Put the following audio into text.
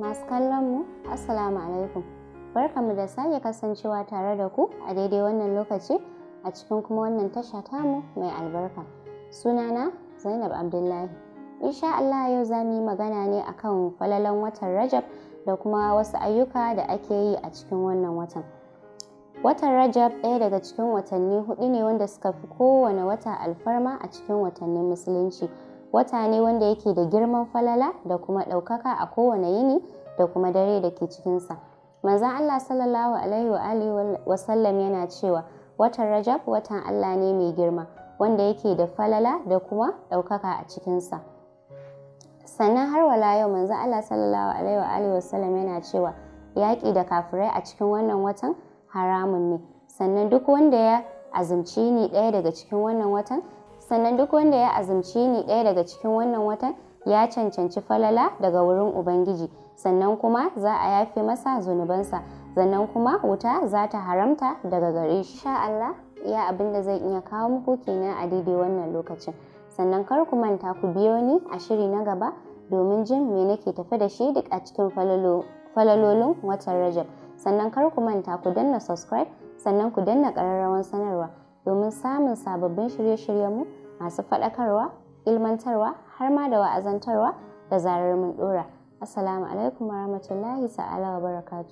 masu kallon mu assalamu alaikum Barka mu da sake kasancewa tare da ku a daidai wannan lokaci a cikin kuma wannan tasha tamu mai albarka sunana zainab abdullahi insha Allah yau za mu yi magana ne akan falalan watan rajab da kuma wasu ayyuka da ake yi a cikin wannan watan watan rajab ɗaya daga cikin watanni hudu ne wanda suka fi kowane wata alfarma a cikin watannin musulunci wata ne wanda yake da girman falala da kuma ɗaukaka a kowane yini da kuma dare da ke cikinsa manzan allah sallallahu alaihi wa wasallam yana cewa watan rajab watan allah ne mai girma wanda yake da falala da kuma ɗaukaka a cikinsa sannan har wala yau manzan allah sallallahu alaihi wa wasallam yana cewa yaƙi da kafirai a cikin wannan watan haramun ne sannan duk wanda ya azumci ni ɗaya daga cikin wannan watan sannan duk wanda ya azumci ni ɗaya daga cikin wannan watan ya cancanci falala daga wurin ubangiji sannan kuma za a yafe masa zunubansa sannan kuma wuta za ta haramta daga gare shi sha Allah iya abin da zai iya kawo muku kenan a daidai wannan lokacin sannan kar ku manta ku biyo ni a shiri na gaba domin jin me nake tafe da shi duk a cikin falalolin watan Rajab sannan kar ku manta ku danna subscribe sannan ku danna ƙararrawan sanarwa domin samun sababbin shirye-shiryenmu masu faɗakarwa ilmantarwa har ma da wa'azantarwa da zarar mun ɗora assalamu alaikum warahmatullahi ta'ala wa barakatu